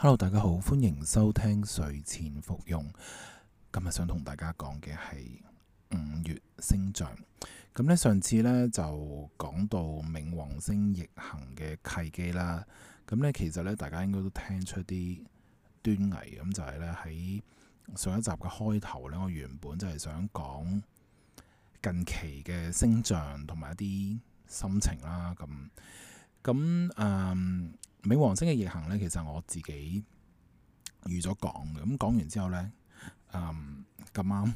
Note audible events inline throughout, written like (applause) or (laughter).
hello，大家好，歡迎收聽睡前服用。今日想同大家講嘅係五月星象。咁咧上次咧就講到冥王星逆行嘅契機啦。咁咧其實咧大家應該都聽出啲端倪，咁就係咧喺上一集嘅開頭咧，我原本就係想講近期嘅星象同埋一啲心情啦。咁咁嗯。美王星嘅逆行咧，其實我自己預咗講嘅，咁講完之後咧，嗯咁啱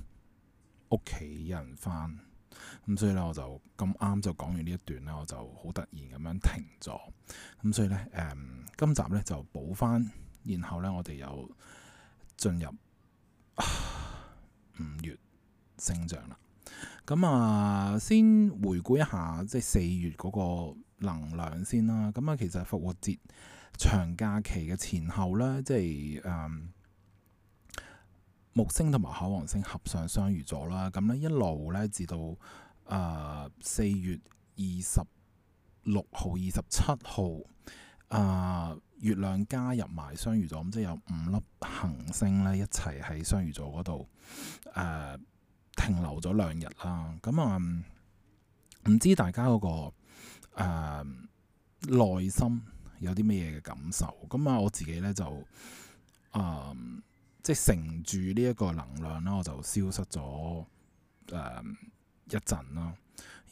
屋企人翻，咁所以咧我就咁啱就講完呢一段啦，我就好就我就突然咁樣停咗，咁所以咧，誒、嗯，今集咧就補翻，然後咧我哋又進入五月星象啦。咁、嗯、啊，先回顧一下即係四月嗰、那個。能量先啦，咁啊，其實復活節長假期嘅前後咧，即係誒、嗯、木星同埋海王星合上雙魚座啦，咁、嗯、咧一路咧至到誒四、呃、月二十六號二十七號啊月亮加入埋雙魚座，咁即係有五粒行星咧一齊喺雙魚座嗰度誒停留咗兩日啦，咁啊唔知大家嗰、那個？誒、呃、內心有啲咩嘢嘅感受？咁啊，我自己咧就誒、呃，即係乘住呢一個能量啦，我就消失咗誒、呃、一陣咯。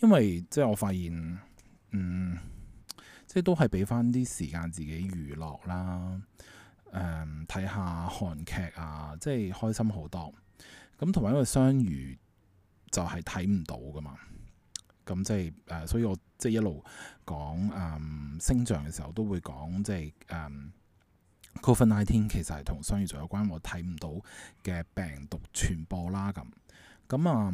因為即係我發現，嗯，即係都係俾翻啲時間自己娛樂啦。誒、呃，睇下韓劇啊，即係開心好多。咁同埋因為雙魚就係睇唔到噶嘛。咁即係誒，所以我即係一路講誒星象嘅時候，都會講即係、嗯、Covid-19 其實係同商業仲有關，我睇唔到嘅病毒傳播啦。咁咁啊，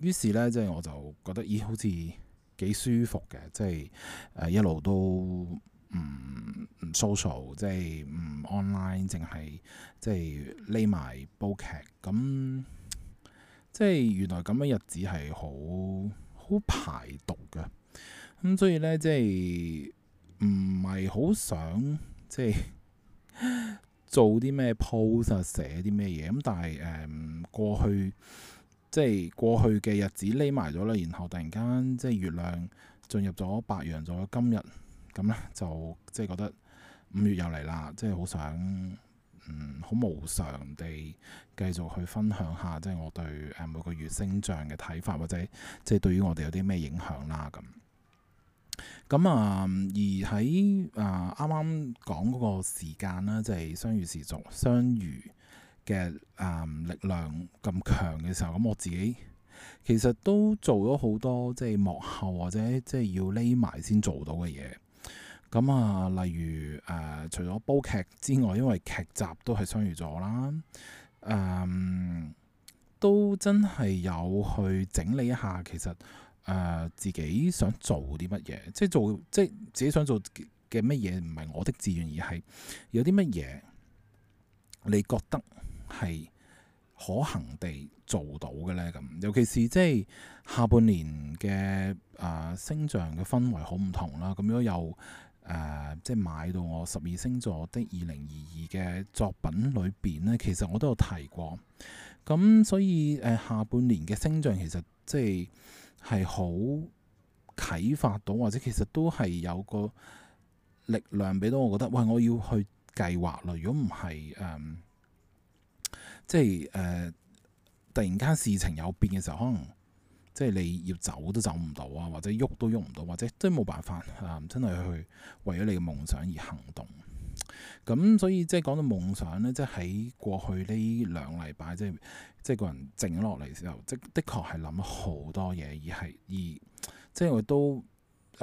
於是咧即係我就覺得咦，好似幾舒服嘅，即係誒、嗯、一路都唔唔 social，即係唔 online，淨係即係匿埋煲劇咁。即係原來咁嘅日子係好。好排毒噶，咁、嗯、所以咧，即係唔係好想即係做啲咩 post 啊，寫啲咩嘢咁，但係誒、嗯、過去即係過去嘅日子匿埋咗啦，然後突然間即係月亮進入咗白羊座，今日咁咧就即係覺得五月又嚟啦，即係好想。嗯，好無常地繼續去分享下，即、就、係、是、我對誒每個月星象嘅睇法，或者即係對於我哋有啲咩影響啦咁。咁啊、嗯，而喺啊啱啱講嗰個時間啦，即、就、係、是、雙魚時俗雙魚嘅誒、嗯、力量咁強嘅時候，咁我自己其實都做咗好多即係、就是、幕後或者即係要匿埋先做到嘅嘢。咁啊，例如誒、呃，除咗煲劇之外，因為劇集都係相遇咗啦，誒、呃，都真係有去整理一下。其實誒、呃，自己想做啲乜嘢，即係做即係自己想做嘅乜嘢，唔係我的志願，而係有啲乜嘢你覺得係可行地做到嘅呢。咁尤其是即係下半年嘅誒星象嘅氛圍好唔同啦，咁樣又。誒、呃，即係買到我十二星座的二零二二嘅作品裏邊呢，其實我都有提過。咁所以誒、呃，下半年嘅星象，其實即係係好啟發到，或者其實都係有個力量俾到我覺得，喂，我要去計劃啦。如果唔係誒，即係誒、呃，突然間事情有變嘅時候，可能。即係你要走都走唔到啊，或者喐都喐唔到，或者即係冇辦法啊，真係去為咗你嘅夢想而行動。咁所以即係講到夢想咧，即係喺過去呢兩禮拜，即係即係個人靜落嚟時候，即的確係諗好多嘢，而係而即係我都誒、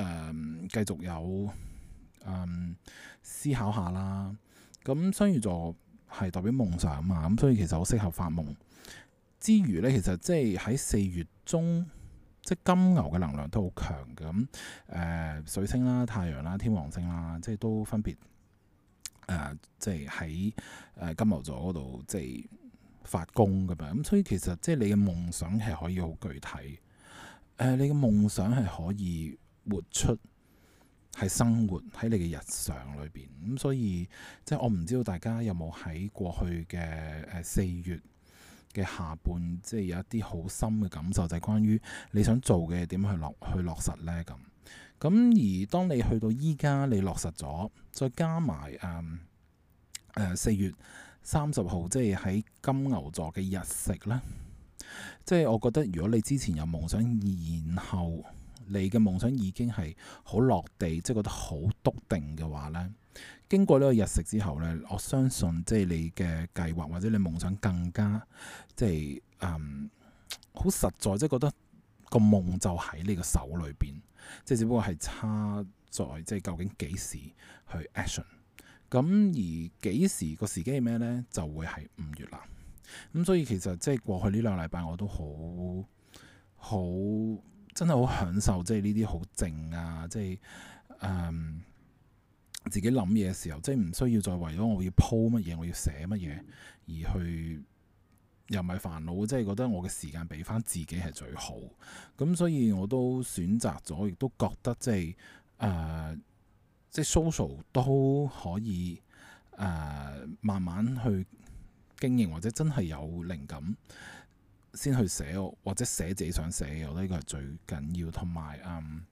呃、繼續有嗯、呃、思考下啦。咁雙魚座係代表夢想啊嘛，咁所以其實好適合發夢之餘咧，其實即係喺四月。中即金牛嘅能量都好強，咁、呃，誒水星啦、太陽啦、天王星啦，即都分別誒、呃，即喺誒金牛座嗰度即發功咁啊！咁、嗯、所以其實即你嘅夢想係可以好具體，誒、呃、你嘅夢想係可以活出係生活喺你嘅日常裏邊咁，所以即我唔知道大家有冇喺過去嘅誒四月。嘅下半即係有一啲好深嘅感受，就係、是、關於你想做嘅點去落去落實咧咁。咁而當你去到依家，你落實咗，再加埋誒誒四月三十號，即係喺金牛座嘅日食咧，即係我覺得，如果你之前有夢想，然後你嘅夢想已經係好落地，即係覺得好篤定嘅話咧。經過呢個日食之後呢，我相信即係你嘅計劃或者你夢想更加即係嗯、好實在，即係覺得個夢就喺你個手裏邊，即係只不過係差在即係究竟幾時去 action 時。咁而幾時個時機係咩呢？就會係五月啦。咁所以其實即係過去呢兩個禮拜我都好好真係好享受，即係呢啲好靜啊，即係.自己諗嘢嘅時候，即係唔需要再為咗我要鋪乜嘢，我要寫乜嘢而去，又唔係煩惱？即係覺得我嘅時間俾翻自己係最好。咁所以我都選擇咗，亦都覺得即係誒、呃，即係 social 都可以誒、呃，慢慢去經營，或者真係有靈感先去寫我，或者寫自己想寫嘅。我覺得呢個係最緊要，同埋嗯。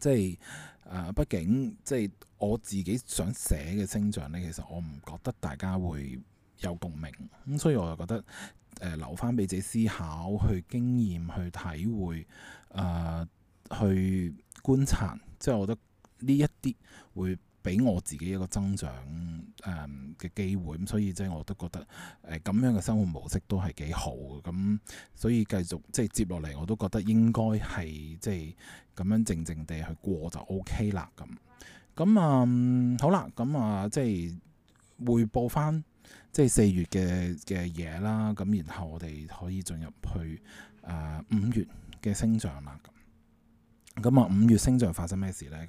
即係誒、呃，畢竟即係我自己想寫嘅星象咧，其實我唔覺得大家會有共鳴，咁所以我就覺得誒、呃、留翻俾自己思考、去經驗去體會誒、呃、去觀察，即係我覺得呢一啲會。俾我自己一個增長誒嘅機會，咁所以即係我都覺得誒咁樣嘅生活模式都係幾好嘅，咁所以繼續即係接落嚟我都覺得應該係即係咁樣靜靜地去過就 OK 啦，咁咁啊好啦，咁啊即係彙報翻即係四月嘅嘅嘢啦，咁然後我哋可以進入去啊五、呃、月嘅星象啦。咁啊、嗯！五月星象發生咩事咧？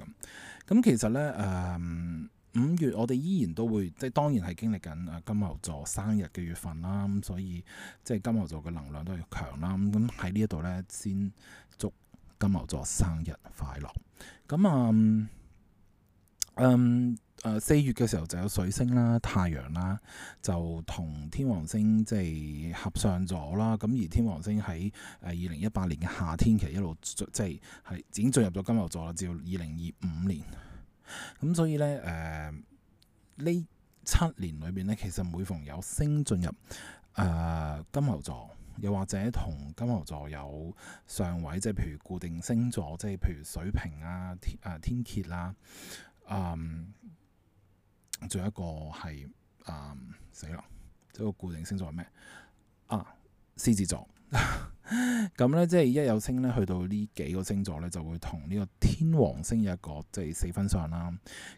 咁咁其實咧誒五月我哋依然都會即係當然係經歷緊金牛座生日嘅月份啦，咁所以即係金牛座嘅能量都要強啦。咁咁喺呢一度咧先祝金牛座生日快樂。咁啊誒。嗯嗯誒四、呃、月嘅時候就有水星啦、太陽啦，就同天王星即係合上咗啦。咁而天王星喺誒二零一八年嘅夏天，其實一路即係係已經進入咗金牛座啦，至到二零二五年。咁所以咧誒，呢、呃、七年裏邊咧，其實每逢有星進入誒、呃、金牛座，又或者同金牛座有上位，即係譬如固定星座，即係譬如水瓶啊、天啊、呃、天蠍啦、啊，嗯。仲有一個係誒、呃、死啦，即個固定星座係咩啊？獅子座。咁咧， (laughs) 即係一有星咧，去到呢幾個星座咧，就會同呢個天王星一個即係、就是、四分相啦。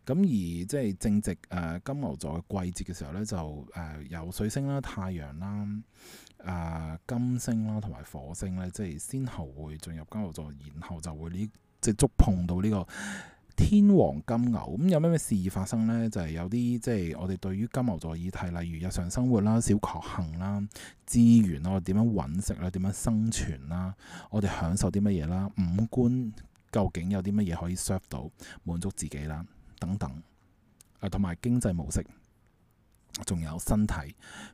咁而即係正值誒、呃、金牛座嘅季節嘅時候咧，就誒有、呃、水星啦、啊、太陽啦、誒、啊、金星啦，同、啊、埋火星咧，即係先後會進入金牛座，然後就會呢即係觸碰到呢、這個。天王金牛咁有咩咩事發生呢？就係、是、有啲即係我哋對於金牛座議題，例如日常生活啦、小確幸啦、資源啦、點樣揾食啦、點樣生存啦、我哋享受啲乜嘢啦、五官究竟有啲乜嘢可以 serve 到滿足自己啦等等，同埋經濟模式。仲有身體，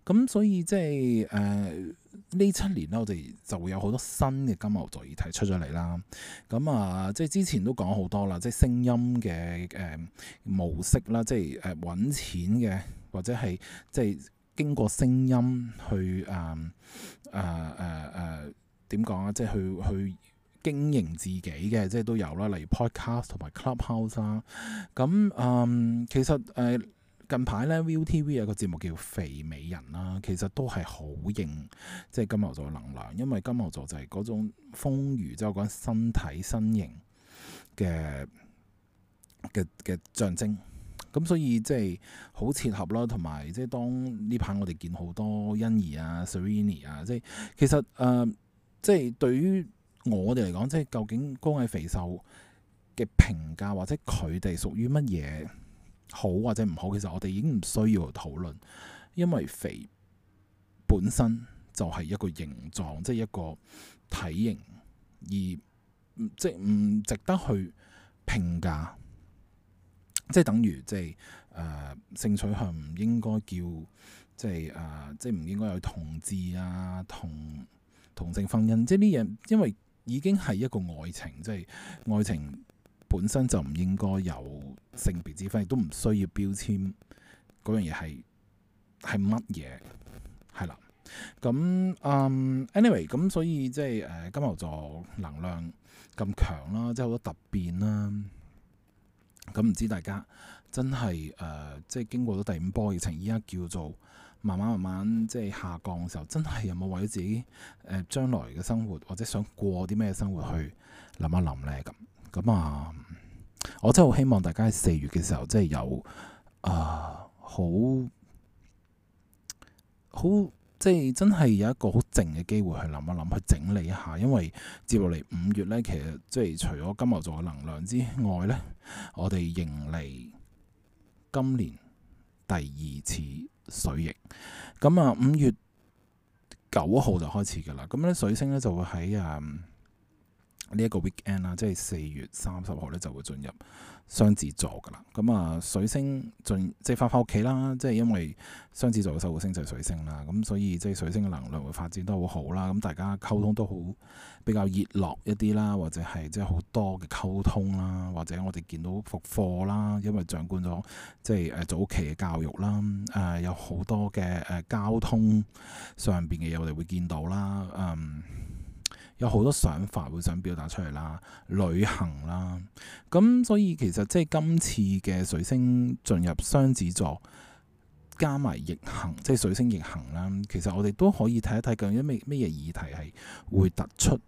咁所以即係誒呢七年啦，我哋就會有好多新嘅金牛座載體出咗嚟啦。咁啊、呃，即係之前都講好多啦，即係聲音嘅誒、呃、模式啦，即係誒揾錢嘅或者係即係經過聲音去誒誒誒誒點講啊，即係去去經營自己嘅，即係都有啦，例如 podcast 同埋 clubhouse 啦。咁嗯、呃，其實誒。呃近排咧，ViuTV 有個節目叫《肥美人》啦，其實都係好應即係金牛座嘅能量，因為金牛座就係嗰種豐腴，即係講身體身形嘅嘅嘅象徵。咁所以即係好切合啦，同埋即係當呢排我哋見好多欣宜啊、Sarini 啊，即係其實，誒，呃，即係對於我哋嚟講，即係究竟高矮肥瘦嘅評價，或者佢哋屬於乜嘢？好，或者唔好，其實我哋已經唔需要討論，因為肥本身就係一個形狀，即係一個體型，而即唔值得去評價。即係等於即係誒、呃、性取向唔應該叫即係誒、呃、即唔應該有同志啊同同性婚姻，即係呢樣，因為已經係一個愛情，即係愛情。本身就唔應該有性別之分，亦都唔需要標籤嗰樣嘢係係乜嘢，係啦。咁嗯、um，anyway，咁所以即係誒金牛座能量咁強啦，即係好多突變啦。咁、嗯、唔知大家真係誒、呃，即係經過咗第五波疫情，依家叫做慢慢慢慢即係下降嘅時候，真係有冇為咗自己誒將來嘅生活，或者想過啲咩生活去諗一諗咧？咁。咁啊，我真係好希望大家喺四月嘅時候真有，即係有啊，好好即係真係有一個好靜嘅機會去諗一諗，去整理一下。因為接落嚟五月咧，其實即係除咗金牛座嘅能量之外咧，我哋迎嚟今年第二次水逆。咁啊，五月九號就開始㗎啦。咁咧，水星咧就會喺啊～、嗯呢一個 weekend 啦，即係四月三十號咧就會進入雙子座噶啦。咁啊，水星進即係返返屋企啦。即係因為雙子座嘅守護星就係水星啦，咁所以即係水星嘅能量會發展得好好啦。咁大家溝通都好比較熱絡一啲啦，或者係即係好多嘅溝通啦，或者我哋見到復課啦，因為掌管咗即係誒、呃、早期嘅教育啦，誒、呃、有好多嘅誒、呃、交通上邊嘅嘢我哋會見到啦，嗯。有好多想法會想表達出嚟啦，旅行啦，咁所以其實即係今次嘅水星進入雙子座，加埋逆行，即係水星逆行啦。其實我哋都可以睇一睇究竟咩咩嘢議題係會突出，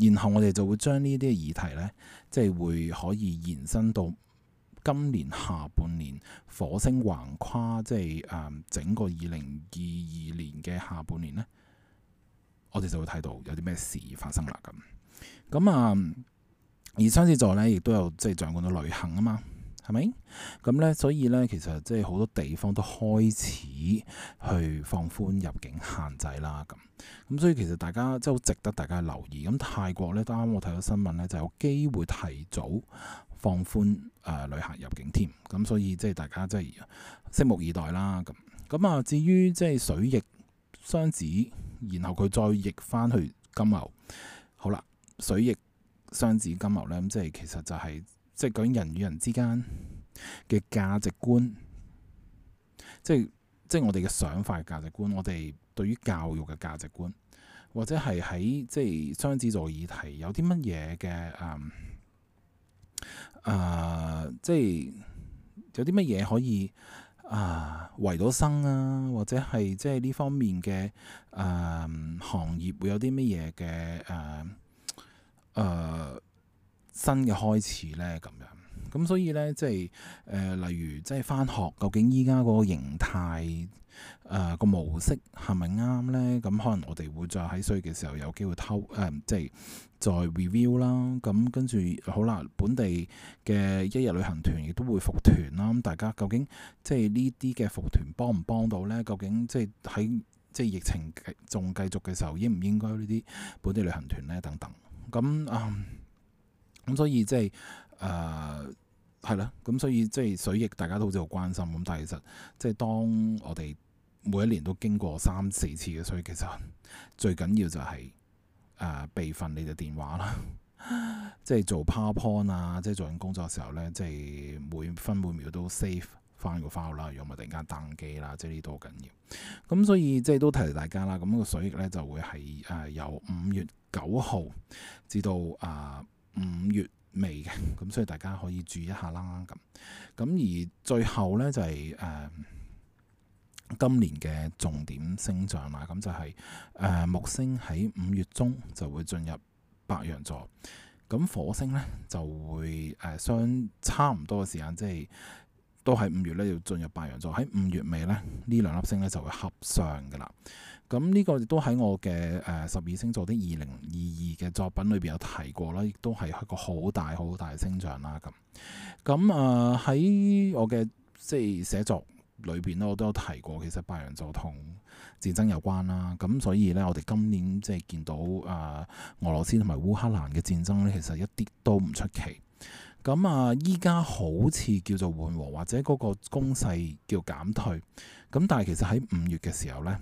然後我哋就會將呢啲議題呢，即係會可以延伸到今年下半年火星橫跨，即係誒整個二零二二年嘅下半年呢。我哋就會睇到有啲咩事發生啦。咁咁啊，而雙子座呢，亦都有即係掌管到旅行啊嘛，係咪？咁呢，所以呢，其實即係好多地方都開始去放寬入境限制啦。咁咁，所以其實大家即係好值得大家留意。咁泰國呢，都啱我睇到新聞呢，就有機會提早放寬誒、呃、旅客入境添。咁所以即係大家即係拭目以待啦。咁咁啊，至於即係水逆雙子。然後佢再逆返去金牛。好啦，水逆雙子金牛呢，咁即係其實就係、是、即係講人與人之間嘅價值觀，即係即係我哋嘅想法價值觀，我哋對於教育嘅價值觀，或者係喺即係雙子座議題有啲乜嘢嘅誒，即係有啲乜嘢可以。啊，為咗生啊，或者係即係呢方面嘅誒、呃、行業會有啲乜嘢嘅誒誒新嘅開始咧咁樣。咁所以咧，即係誒、呃、例如即係返學，究竟依家嗰個形態誒、呃這個模式係咪啱咧？咁、嗯、可能我哋會再喺需要嘅時候有機會偷誒、呃，即係。再 review 啦，咁跟住好啦，本地嘅一日旅行團亦都會復團啦。咁大家究竟即係呢啲嘅復團幫唔幫到咧？究竟即係喺即係疫情仲繼續嘅時候，應唔應該呢啲本地旅行團咧？等等。咁啊，咁、呃、所以即係誒係啦。咁所以即係水逆，大家都好似好關心。咁但係其實即係當我哋每一年都經過三四次嘅，所以其實最緊要就係、是。誒、呃、備份你嘅電話啦， (laughs) 即係做 PowerPoint 啊，即係做緊工作嘅時候咧，即係每分每秒都 save 翻個 file 啦，又唔好突然間 down 機啦，即係呢度好緊要。咁所以即係都提大家啦，咁、那個水逆咧就會係誒由五月九號至到啊五、呃、月尾嘅，咁所以大家可以注意一下啦。咁咁而最後咧就係、是、誒。呃今年嘅重點星象，啦、就是，咁就係誒木星喺五月中就會進入白羊座，咁火星呢，就會誒、呃、相差唔多嘅時間，即、就、係、是、都喺五月咧要進入白羊座。喺五月尾呢，呢兩粒星咧就會合上噶啦。咁呢個亦都喺我嘅誒十二星座啲二零二二嘅作品裏邊有提過啦，亦都係一個好大好大星象啦。咁咁啊喺我嘅即係寫作。裏邊咧，我都有提過，其實白羊座同戰爭有關啦。咁所以呢，我哋今年即係見到誒、呃、俄羅斯同埋烏克蘭嘅戰爭呢，其實一啲都唔出奇。咁啊，依家好似叫做緩和或者嗰個攻勢叫減退。咁但係其實喺五月嘅時候呢，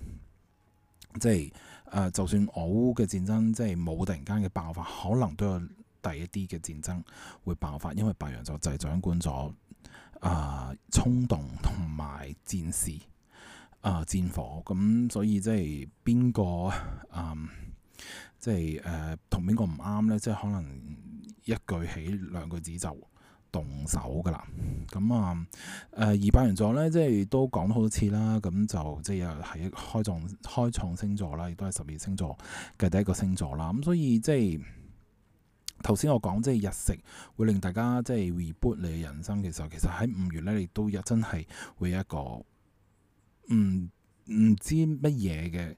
即係誒、呃，就算俄烏嘅戰爭即係冇突然間嘅爆發，可能都有第一啲嘅戰爭會爆發，因為白羊座就係掌管咗。啊、呃！衝動同埋戰士啊、呃！戰火咁，所以即係邊個啊？即係誒，同邊個唔啱咧？即係可能一句起兩句止就動手噶啦。咁啊，誒白羊座咧，即係都講好多次啦。咁就即係又係開創開創星座啦，亦都係十二星座嘅第一個星座啦。咁所以即係。頭先我講即係日食會令大家即係 reboot 你嘅人生嘅時候，其實其實喺五月咧，你都真係會有一個唔唔知乜嘢嘅，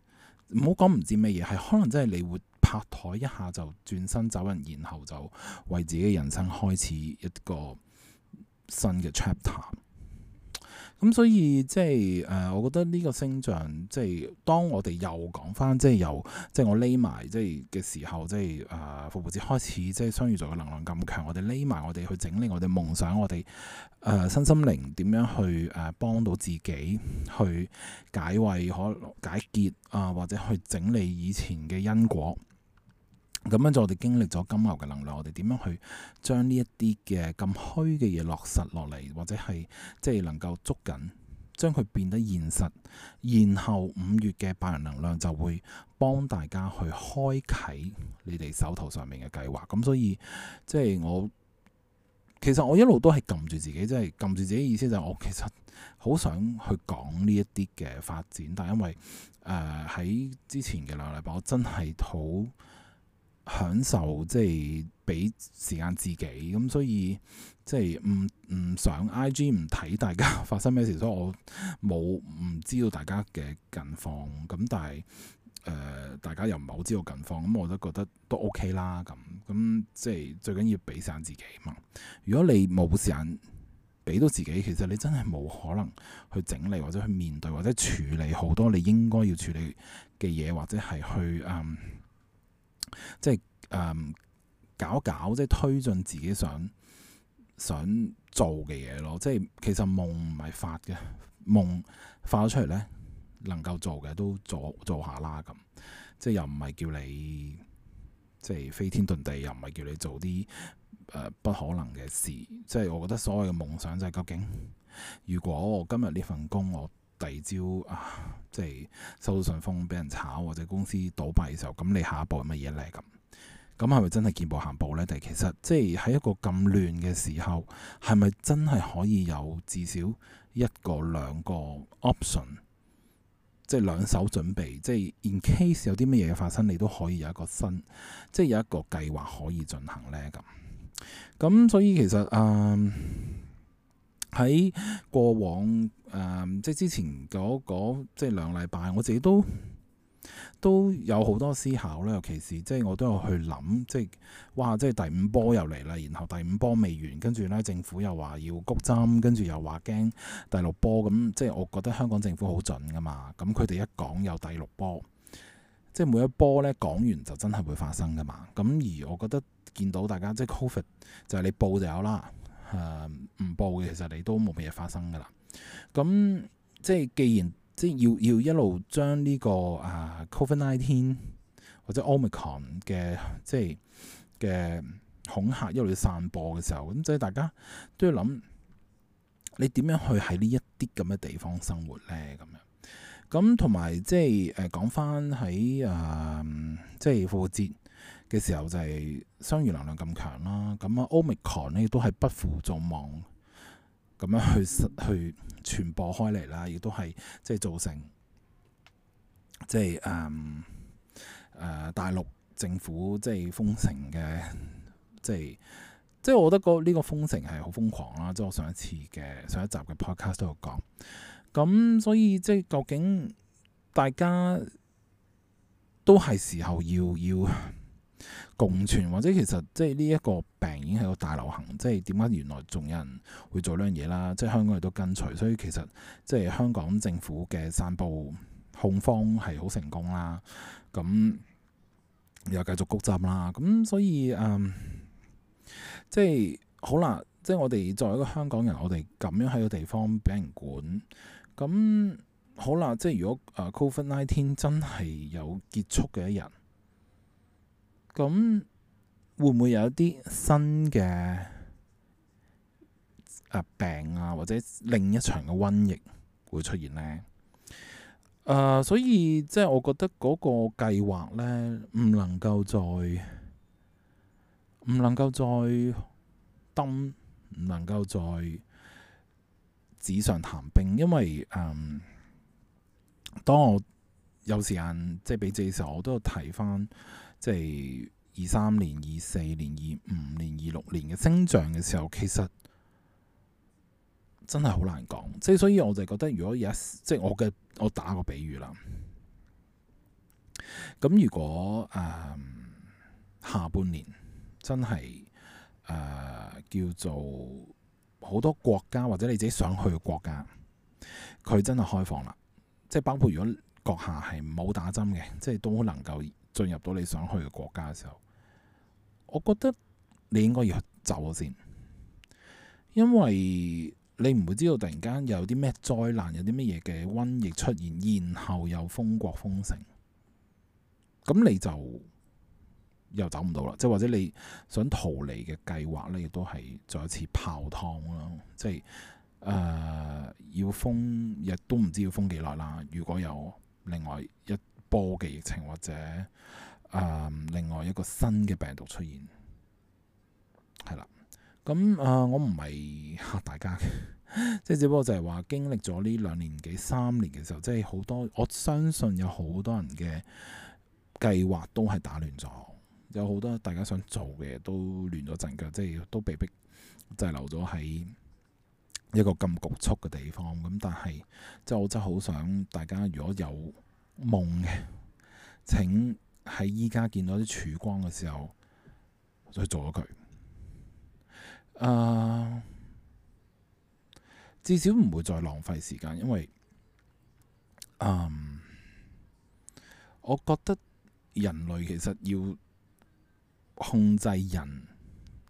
唔好講唔知乜嘢，係可能真係你會拍台一下就轉身走人，然後就為自己嘅人生開始一個新嘅 chapter。咁、嗯、所以即係誒我覺得呢個星象，即係當我哋又講翻，即係由即係我匿埋，即係嘅時候，即係誒復活節開始即係雙魚座嘅能量咁強，我哋匿埋，我哋去整理我哋夢想我，我哋誒身心靈點樣去誒、呃、幫到自己去解圍可解結啊、呃，或者去整理以前嘅因果。咁樣就我哋經歷咗金牛嘅能量，我哋點樣去將呢一啲嘅咁虛嘅嘢落實落嚟，或者係即係能夠捉緊將佢變得現實，然後五月嘅白羊能量就會幫大家去開啟你哋手頭上面嘅計劃。咁所以即係我其實我一路都係撳住自己，即係撳住自己意思就係我其實好想去講呢一啲嘅發展，但係因為誒喺、呃、之前嘅兩個禮拜，我真係好享受即係俾時間自己，咁所以即係唔唔想 I.G 唔睇大家發生咩事，所以我冇唔知道大家嘅近況。咁但係誒、呃，大家又唔係好知道近況，咁我都覺得都 O.K. 啦。咁咁即係最緊要俾時間自己嘛。如果你冇時間俾到自己，其實你真係冇可能去整理或者去面對或者處理好多你應該要處理嘅嘢，或者係去誒。嗯即係誒、嗯、搞搞，即係推進自己想想做嘅嘢咯。即係其實夢唔係發嘅夢，發咗出嚟咧，能夠做嘅都做做下啦。咁即係又唔係叫你即係飛天遁地，又唔係叫你做啲誒、呃、不可能嘅事。即係我覺得所謂嘅夢想就係究竟，如果我今日呢份工我。第二招啊，即係收到信封俾人炒或者公司倒閉嘅時候，咁你下一步係乜嘢呢？咁咁係咪真係見步行步呢？定其實即係喺一個咁亂嘅時候，係咪真係可以有至少一個兩個 option，即係兩手準備，即係 in case 有啲乜嘢發生，你都可以有一個新，即係有一個計劃可以進行呢。咁咁所以其實啊。喺過往誒、呃，即係之前嗰嗰即係兩禮拜，我自己都都有好多思考啦。尤其是即係我都有去諗，即係哇，即係第五波又嚟啦，然後第五波未完，跟住呢政府又話要谷針，跟住又話驚第六波。咁即係我覺得香港政府好準㗎嘛。咁佢哋一講有第六波，即係每一波呢講完就真係會發生㗎嘛。咁而我覺得見到大家即係 Covid 就係你報就有啦。誒唔、嗯、報嘅，其實你都冇乜嘢發生噶啦。咁即係既然即係要要一路將呢、這個誒、啊、Covid nineteen 或者 Omicron 嘅即係嘅恐嚇一路散播嘅時候，咁即係大家都要諗你點樣去喺呢一啲咁嘅地方生活咧？咁樣咁同埋即係誒、呃、講翻喺誒即係過節。嘅時候就係雙魚能量咁強啦，咁啊 Omicron 咧亦都係不負眾望咁樣去去傳播開嚟啦，亦都係即係造成即係誒誒大陸政府即係封城嘅，即係即係我覺得個呢個封城係好瘋狂啦，即係我上一次嘅上一集嘅 podcast 都有講，咁所以即係究竟大家都係時候要要。共存，或者其實即係呢一個病已經係個大流行，即係點解原來仲有人會做呢樣嘢啦？即係香港人都跟隨，所以其實即係香港政府嘅散佈控方係好成功啦。咁又繼續谷針啦。咁所以嗯，即係好啦，即係我哋作為一個香港人，我哋咁樣喺個地方俾人管，咁好啦。即係如果啊，Covid nineteen 真係有結束嘅一日。咁會唔會有啲新嘅病啊，或者另一場嘅瘟疫會出現呢？誒、呃，所以即係、就是、我覺得嗰個計劃呢，唔能夠再唔能夠再登，唔能夠再紙上談兵，因為誒、嗯、當我。有時間即係比自己時候，我都睇翻即係二三年、二四年、二五年、二六年嘅星象嘅時候，其實真係好難講。即係所以我就覺得，如果有即係我嘅我打個比喻啦，咁如果誒、呃、下半年真係誒、呃、叫做好多國家或者你自己想去嘅國家，佢真係開放啦，即係包括如果。閣下係冇打針嘅，即係都能夠進入到你想去嘅國家嘅時候，我覺得你應該要走咗先，因為你唔會知道突然間又有啲咩災難，有啲乜嘢嘅瘟疫出現，然後又封國封城，咁你就又走唔到啦。即係或者你想逃離嘅計劃呢，亦都係再一次泡湯啦。即係誒、呃，要封亦都唔知要封幾耐啦。如果有另外一波嘅疫情，或者誒、呃、另外一個新嘅病毒出現，係啦。咁誒、呃、我唔係嚇大家嘅，即 (laughs) 係只不過就係話經歷咗呢兩年幾三年嘅時候，即係好多我相信有好多人嘅計劃都係打亂咗，有好多大家想做嘅都亂咗陣腳，即係都被逼就留咗喺。一個咁局促嘅地方咁，但係即係我真係好想大家，如果有夢嘅，請喺依家見到啲曙光嘅時候，再做咗佢。誒，至少唔會再浪費時間，因為誒，我覺得人類其實要控制人，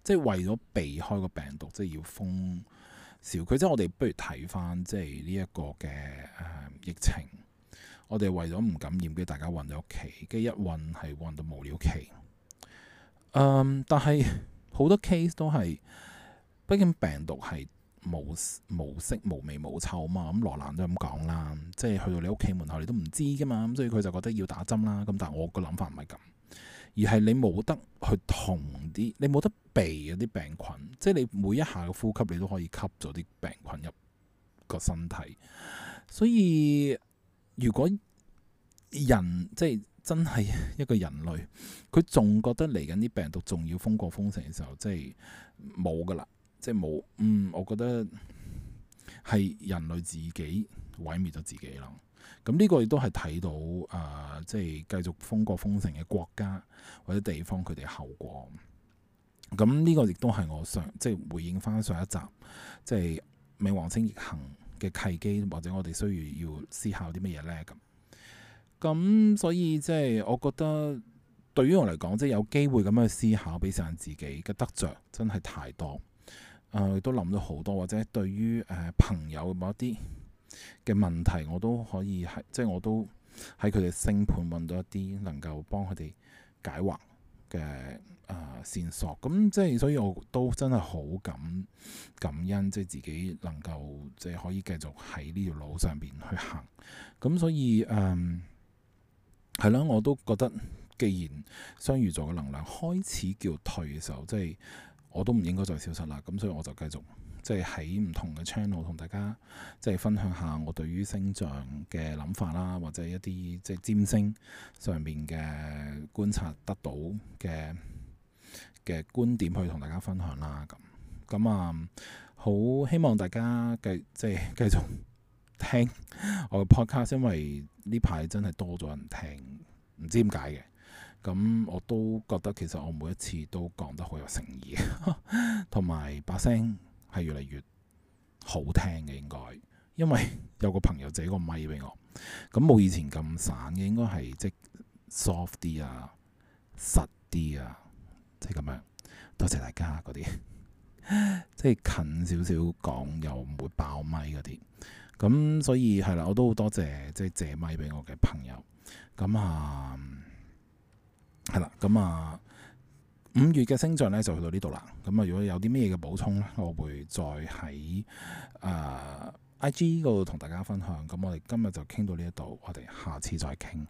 即係為咗避開個病毒，即係要封。少佢，即係我哋不如睇返，即係呢一個嘅、嗯、疫情。我哋為咗唔感染，跟住大家困咗屋企，跟住一困係困到無了期。但係好多 case 都係，畢竟病毒係無無色無味無臭啊嘛。咁、嗯、羅蘭都咁講啦，即係去到你屋企門口你都唔知㗎嘛。咁所以佢就覺得要打針啦。咁但係我個諗法唔係咁。而係你冇得去同啲，你冇得避嗰啲病菌，即係你每一下嘅呼吸，你都可以吸咗啲病菌入個身體。所以如果人即係真係一個人類，佢仲覺得嚟緊啲病毒仲要封國封城嘅時候，即係冇㗎喇，即係冇。嗯，我覺得係人類自己毀滅咗自己啦。咁呢個亦都係睇到誒、呃，即係繼續封國封城嘅國家或者地方，佢哋嘅後果。咁、這、呢個亦都係我上即係回應翻上，上一集，即係冥王星逆行嘅契機，或者我哋需要要思考啲乜嘢呢？咁咁所以即係我覺得，對於我嚟講，即係有機會咁樣去思考，俾時間自己嘅得着真係太多。誒、呃，亦都諗咗好多，或者對於誒、呃、朋友某一啲。嘅問題，我都可以係即係我都喺佢哋星盤搵到一啲能夠幫佢哋解惑嘅啊線索。咁即係所以，我都真係好感感恩，即係自己能夠即係可以繼續喺呢條路上邊去行。咁所以嗯，係啦，我都覺得既然雙魚座嘅能量開始叫退嘅時候，即係我都唔應該再消失啦。咁所以我就繼續。即係喺唔同嘅 channel 同大家即係分享下我對於星象嘅諗法啦，或者一啲即係占星上面嘅觀察得到嘅嘅觀點，去同大家分享啦。咁咁啊，好希望大家繼即係繼續聽我嘅 podcast，因為呢排真係多咗人聽，唔知點解嘅。咁我都覺得其實我每一次都講得好有誠意，同埋把聲。係越嚟越好聽嘅，應該，因為有個朋友借個咪俾我，咁冇以前咁散嘅，應該係即係 soft 啲啊、實啲啊，即係咁樣。多謝大家嗰啲，即係近少少講又唔會爆咪嗰啲。咁所以係啦，我都好多謝即係借咪俾我嘅朋友。咁啊，係啦，咁啊。五月嘅星象咧就去到呢度啦，咁啊，如果有啲咩嘅補充咧，我會再喺啊、呃、IG 度、呃、同大家分享。咁我哋今日就傾到呢一度，我哋下次再傾。